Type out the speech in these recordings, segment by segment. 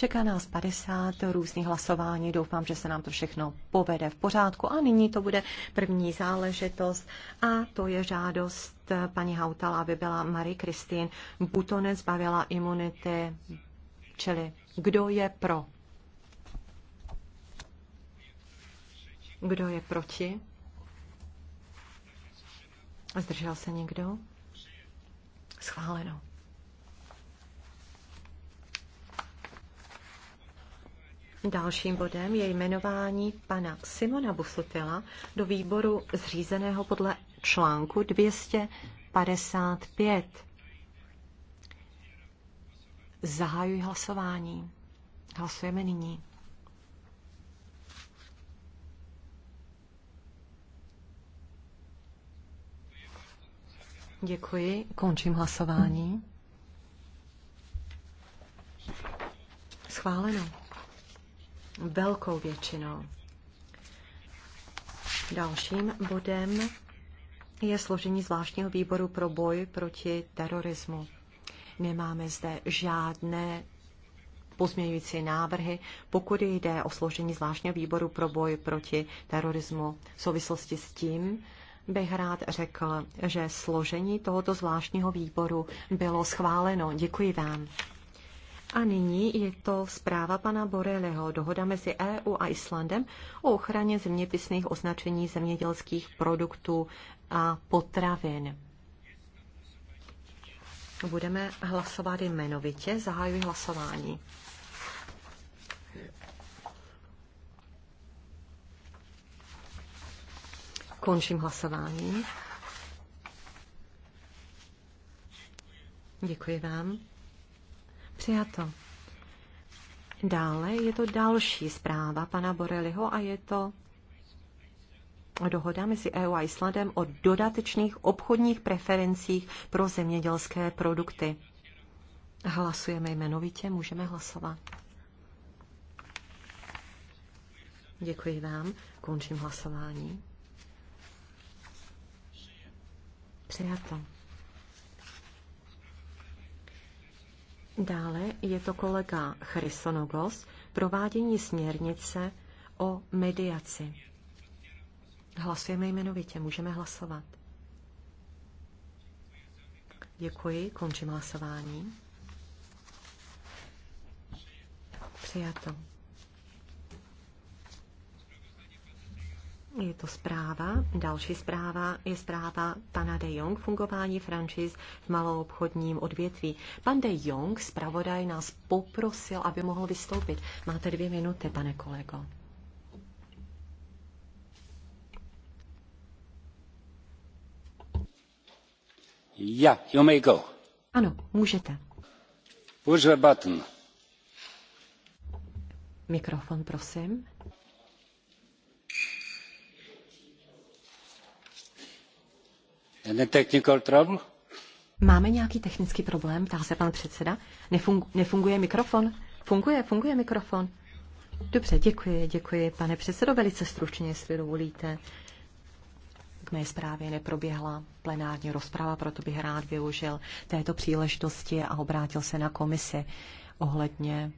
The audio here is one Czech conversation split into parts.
Čeká nás 50 různých hlasování. Doufám, že se nám to všechno povede v pořádku. A nyní to bude první záležitost a to je žádost paní Hautala, aby byla Marie Kristýn Butonec zbavila imunity. Čili kdo je pro? Kdo je proti? Zdržel se někdo? Schváleno. Dalším bodem je jmenování pana Simona Busutila do výboru zřízeného podle článku 255. Zahajuji hlasování. Hlasujeme nyní. Děkuji. Končím hlasování. Schváleno velkou většinou. Dalším bodem je složení zvláštního výboru pro boj proti terorismu. Nemáme zde žádné pozměňující návrhy, pokud jde o složení zvláštního výboru pro boj proti terorismu. V souvislosti s tím bych rád řekl, že složení tohoto zvláštního výboru bylo schváleno. Děkuji vám. A nyní je to zpráva pana Boreleho. Dohoda mezi EU a Islandem o ochraně zeměpisných označení zemědělských produktů a potravin. Budeme hlasovat jmenovitě. Zahajuji hlasování. Končím hlasování. Děkuji vám. Přijato. Dále je to další zpráva pana Boreliho a je to dohoda mezi EU a Islandem o dodatečných obchodních preferencích pro zemědělské produkty. Hlasujeme jmenovitě, můžeme hlasovat. Děkuji vám, končím hlasování. Přijato. Dále je to kolega Chrysonogos, provádění směrnice o mediaci. Hlasujeme jmenovitě, můžeme hlasovat. Děkuji, končím hlasování. Přijato. Je to zpráva. Další zpráva je zpráva pana de Jong, fungování franšiz v maloobchodním odvětví. Pan de Jong, zpravodaj, nás poprosil, aby mohl vystoupit. Máte dvě minuty, pane kolego. Ja, you may go. Ano, můžete. Push the button. Mikrofon, prosím. Máme nějaký technický problém, ptá se pan předseda. Nefung, nefunguje mikrofon? Funguje, funguje mikrofon. Dobře, děkuji, děkuji, pane předsedo, velice stručně, jestli dovolíte. K mé zprávě neproběhla plenární rozprava, proto bych rád využil této příležitosti a obrátil se na komisi ohledně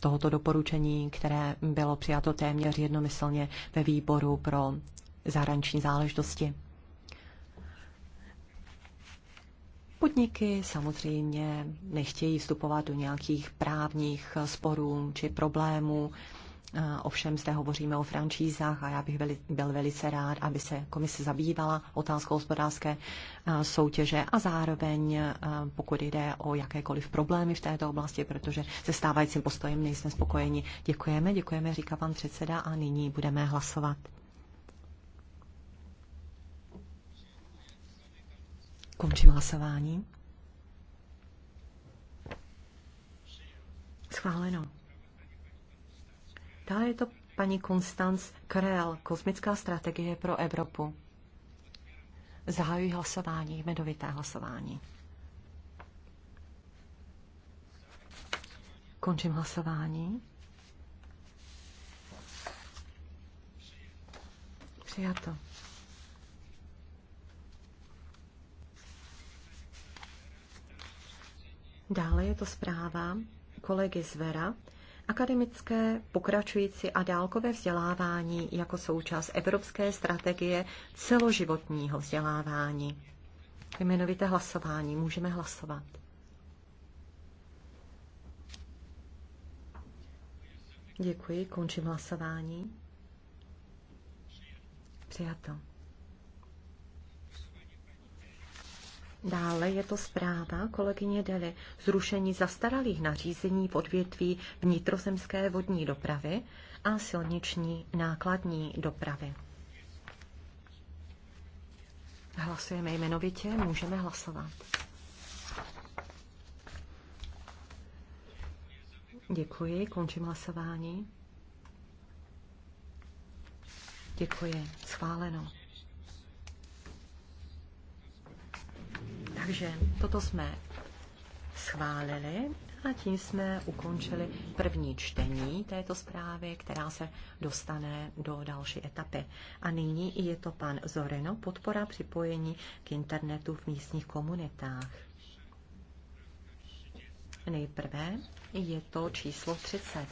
tohoto doporučení, které bylo přijato téměř jednomyslně ve výboru pro zahraniční záležitosti. Podniky samozřejmě nechtějí vstupovat do nějakých právních sporů či problémů. Eh, ovšem zde hovoříme o francízách a já bych byl velice rád, aby se komise zabývala otázkou hospodářské eh, soutěže a zároveň, eh, pokud jde o jakékoliv problémy v této oblasti, protože se stávajícím postojem nejsme spokojeni. Děkujeme, děkujeme, říká pan předseda a nyní budeme hlasovat. Končím hlasování. Schváleno. Dále je to paní Konstanz Krell, Kosmická strategie pro Evropu. Zahajuji hlasování, medovité hlasování. Končím hlasování. Přijato. Dále je to zpráva kolegy Zvera, akademické, pokračující a dálkové vzdělávání jako součást Evropské strategie celoživotního vzdělávání. Jmenovité hlasování. Můžeme hlasovat. Děkuji, končím hlasování. Přijato. Dále je to zpráva kolegyně Deli zrušení zastaralých nařízení v odvětví vnitrozemské vodní dopravy a silniční nákladní dopravy. Hlasujeme jmenovitě, můžeme hlasovat. Děkuji, končím hlasování. Děkuji, schváleno. Takže toto jsme schválili a tím jsme ukončili první čtení této zprávy, která se dostane do další etapy. A nyní je to pan Zoreno, podpora připojení k internetu v místních komunitách. Nejprve je to číslo 30.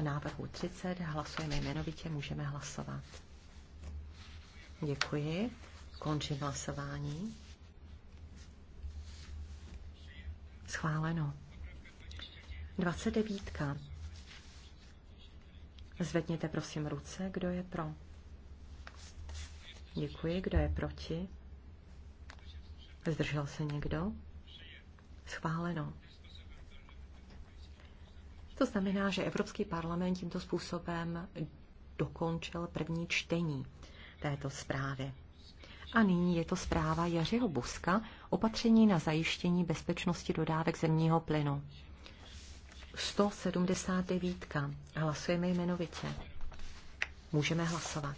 Návrhu 30 hlasujeme jmenovitě, můžeme hlasovat. Děkuji. Končím hlasování. Schváleno. 29. Zvedněte prosím ruce, kdo je pro. Děkuji, kdo je proti. Zdržel se někdo? Schváleno. To znamená, že Evropský parlament tímto způsobem dokončil první čtení této zprávy. A nyní je to zpráva Jařiho Buska, opatření na zajištění bezpečnosti dodávek zemního plynu. 179. Hlasujeme jmenovitě. Můžeme hlasovat.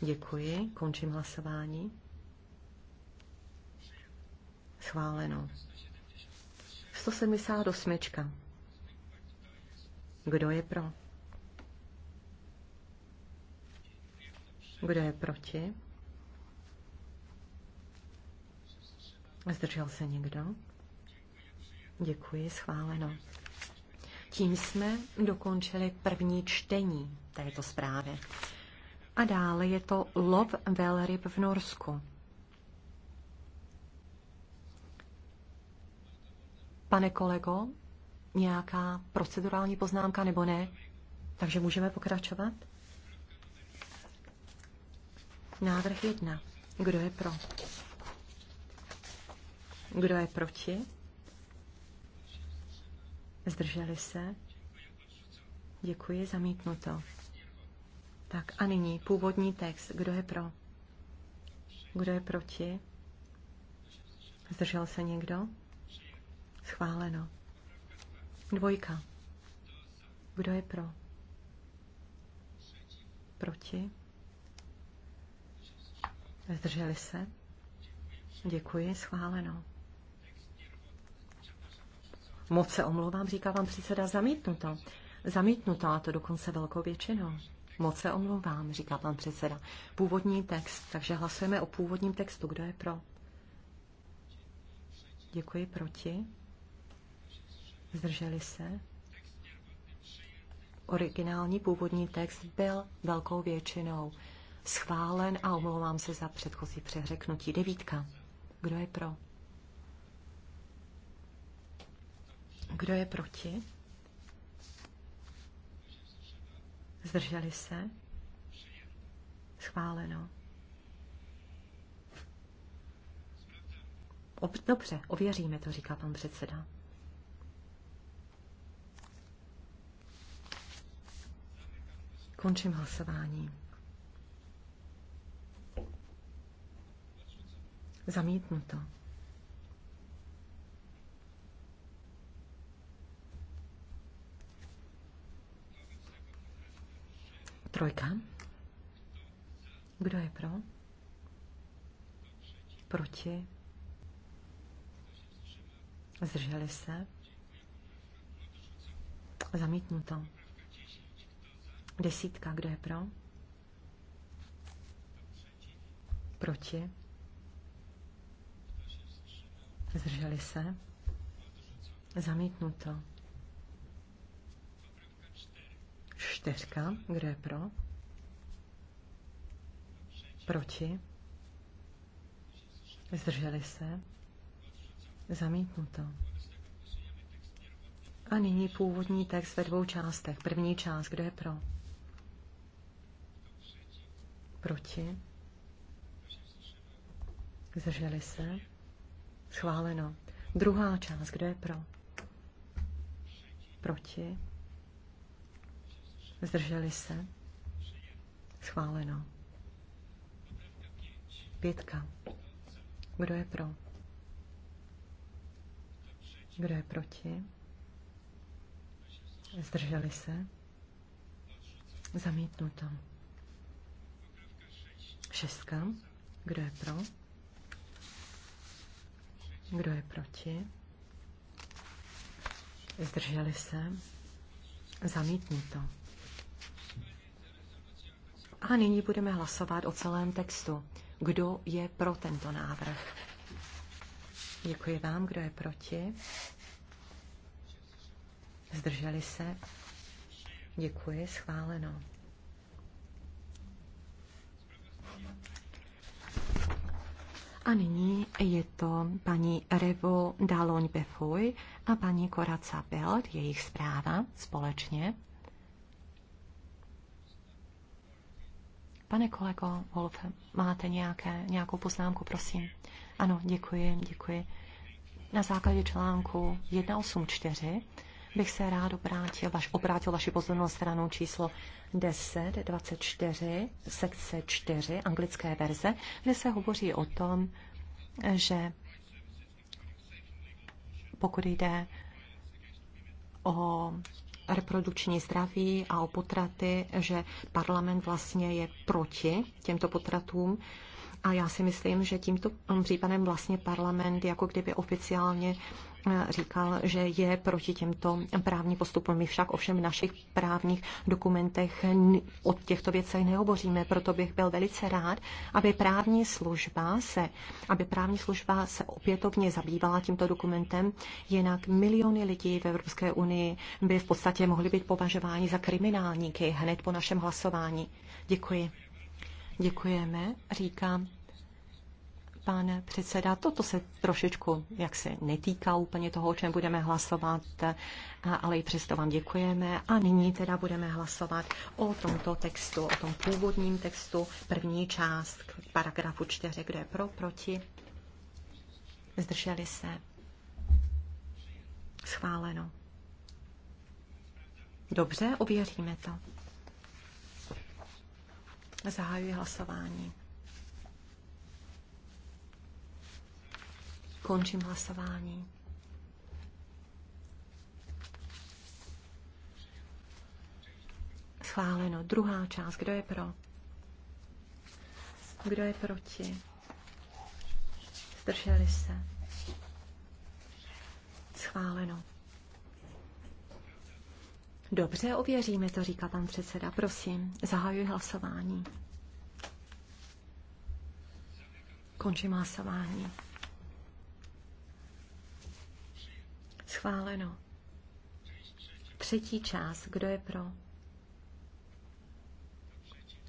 Děkuji, končím hlasování. Schváleno. 178. Kdo je pro? Kdo je proti? Zdržel se někdo? Děkuji, schváleno. Tím jsme dokončili první čtení této zprávy. A dále je to lov velryb v Norsku. Pane kolego, nějaká procedurální poznámka nebo ne? Takže můžeme pokračovat? Návrh jedna. Kdo je pro? Kdo je proti? Zdrželi se? Děkuji, zamítnuto. Tak a nyní původní text. Kdo je pro? Kdo je proti? Zdržel se někdo? Schváleno. Dvojka. Kdo je pro? Proti? Zdrželi se? Děkuji, schváleno. Moc se omlouvám, říká vám předseda zamítnuto. Zamítnuto, a to dokonce velkou většinou. Moc se omlouvám, říká pan předseda. Původní text, takže hlasujeme o původním textu. Kdo je pro? Děkuji, proti? Zdrželi se? Originální původní text byl velkou většinou schválen a omlouvám se za předchozí přeřeknutí. Devítka. Kdo je pro? Kdo je proti? Zdrželi se? Schváleno. Dobře, ověříme to, říká pan předseda. Končím hlasování. Zamítnuto. Trojka. Kdo je pro? Proti? Zdrželi se? Zamítnuto. Desítka, kdo je pro? Proti? Zdrželi se? Zamítnuto. Čtyřka. Kdo je pro? Proti? Zdrželi se? Zamítnuto. A nyní původní text ve dvou částech. První část, kdo je pro? Proti? Zdrželi se? Schváleno. Druhá část, kdo je pro? Proti? Zdrželi se? Schváleno. Pětka. Kdo je pro? Kdo je proti? Zdrželi se? Zamítnuto. Šestka. Kdo je pro? Kdo je proti? Zdrželi se? Zamítnuto. A nyní budeme hlasovat o celém textu. Kdo je pro tento návrh? Děkuji vám. Kdo je proti? Zdrželi se? Děkuji. Schváleno. A nyní je to paní Revo Daloň Befuj a paní Koraca Belt, jejich zpráva společně. Pane kolego Wolf, máte nějaké, nějakou poznámku, prosím? Ano, děkuji, děkuji. Na základě článku 184 bych se rád obrátil, vaš, obrátil vaši pozornost stranou číslo 10, 24, sekce 4, anglické verze, kde se hovoří o tom, že pokud jde o reprodukční zdraví a o potraty, že parlament vlastně je proti těmto potratům a já si myslím, že tímto případem vlastně parlament jako kdyby oficiálně eh, říkal, že je proti těmto právním postupům. My však ovšem v našich právních dokumentech o těchto věcech neoboříme, proto bych byl velice rád, aby právní služba se, aby právní služba se opětovně zabývala tímto dokumentem, jinak miliony lidí v Evropské unii by v podstatě mohly být považováni za kriminálníky hned po našem hlasování. Děkuji. Děkujeme, Říkám, pan předseda. Toto se trošičku jak se netýká úplně toho, o čem budeme hlasovat, ale i přesto vám děkujeme. A nyní teda budeme hlasovat o tomto textu, o tom původním textu, první část paragrafu 4, kde je pro, proti. Zdrželi se. Schváleno. Dobře, ověříme to. Zahajuji hlasování. Končím hlasování. Schváleno. Druhá část. Kdo je pro? Kdo je proti? Zdrželi se. Schváleno. Dobře, ověříme to, říká pan předseda. Prosím, zahajuji hlasování. Končím hlasování. Schváleno. Třetí část. Kdo je pro?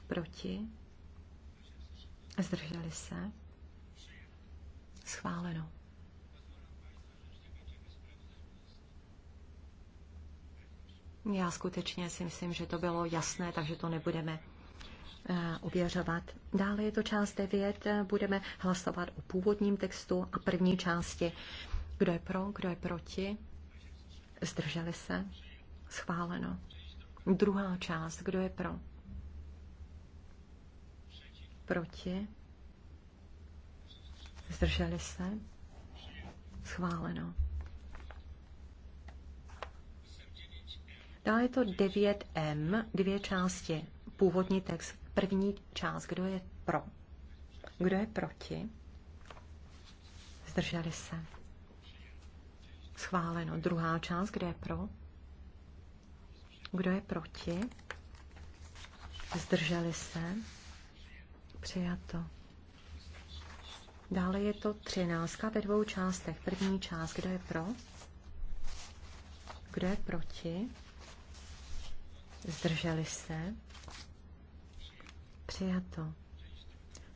Proti? Zdrželi se? Schváleno. Já skutečně si myslím, že to bylo jasné, takže to nebudeme eh, ověřovat. Dále je to část 9. Budeme hlasovat o původním textu a první části. Kdo je pro, kdo je proti? Zdrželi se? Schváleno. Druhá část. Kdo je pro? Proti? Zdrželi se? Schváleno. Dále je to 9M, dvě části. Původní text, první část, kdo je pro, kdo je proti, zdrželi se. Schváleno. Druhá část, kde je pro, kdo je proti, zdrželi se, přijato. Dále je to třináctka ve dvou částech. První část, kdo je pro, kdo je proti, Zdrželi se? Přijato.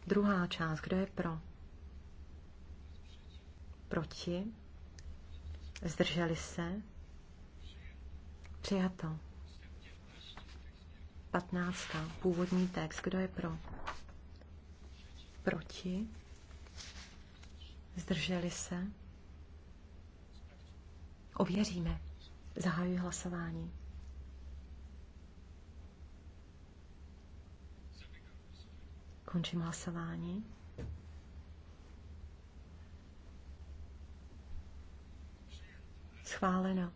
Druhá část. Kdo je pro? Proti? Zdrželi se? Přijato. Patnáctá. Původní text. Kdo je pro? Proti? Zdrželi se? Ověříme. Zahajuji hlasování. Končím hlasování. Schváleno.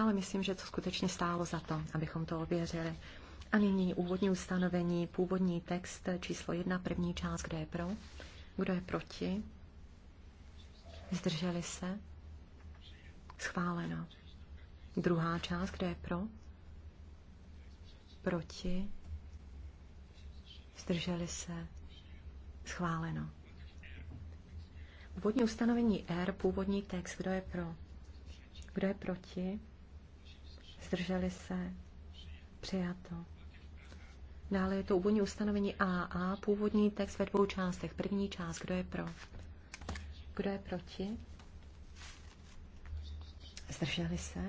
Ale myslím, že to skutečně stálo za to, abychom to ověřili. A nyní úvodní ustanovení, původní text číslo jedna, první část, kde je pro, kdo je proti, zdrželi se, schváleno. Druhá část, kde je pro, proti, zdrželi se, schváleno. Původní ustanovení R, původní text, kdo je pro, kdo je proti, zdrželi se, přijato. Dále je to úvodní ustanovení AA, původní text ve dvou částech. První část, kdo je pro? Kdo je proti? Zdrželi se?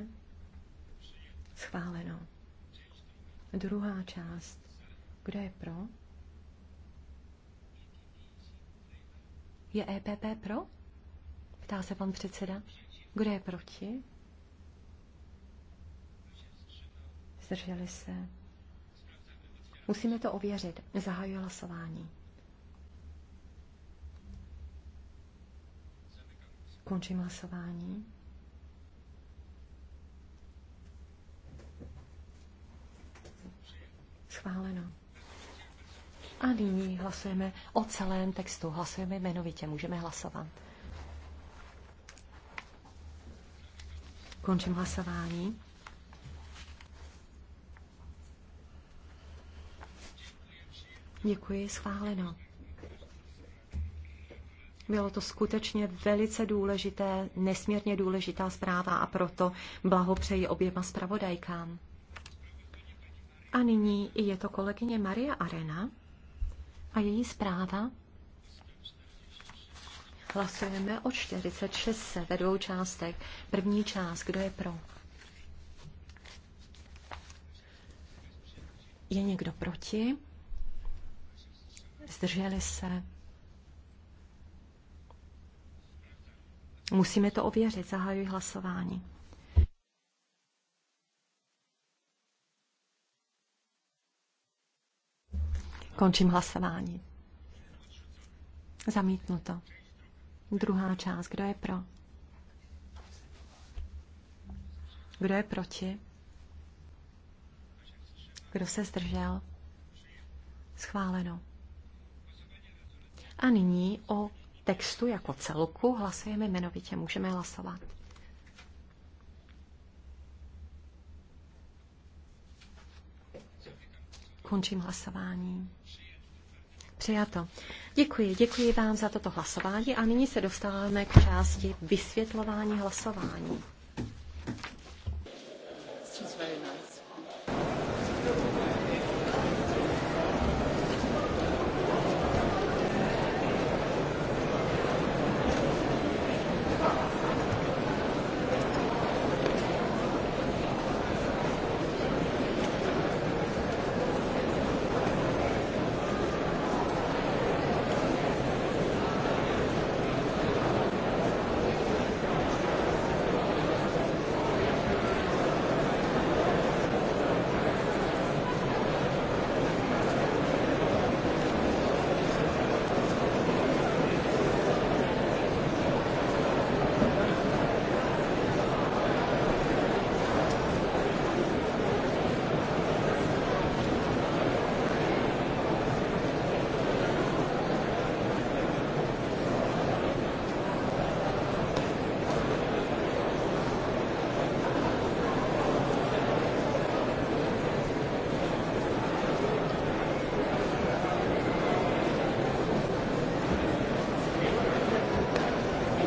Schváleno. Druhá část, kdo je pro? Je EPP pro? Ptá se pan předseda. Kdo je proti? Zdrželi se. Musíme to ověřit. Zahajuje hlasování. Končím hlasování. Schváleno. A nyní hlasujeme o celém textu. Hlasujeme jmenovitě. Můžeme hlasovat. Končím hlasování. Děkuji, schváleno. Bylo to skutečně velice důležité, nesmírně důležitá zpráva a proto blahopřeji oběma zpravodajkám. A nyní je to kolegyně Maria Arena a její zpráva. Hlasujeme o 46 ve dvou částech. První část, kdo je pro? Je někdo proti? Zdrželi se? Musíme to ověřit. Zahajuji hlasování. Končím hlasování. Zamítnuto. Druhá část. Kdo je pro? Kdo je proti? Kdo se zdržel? Schváleno. A nyní o textu jako celku hlasujeme jmenovitě. Můžeme hlasovat. Končím hlasování. Přijato. Děkuji, děkuji vám za toto hlasování a nyní se dostáváme k části vysvětlování hlasování.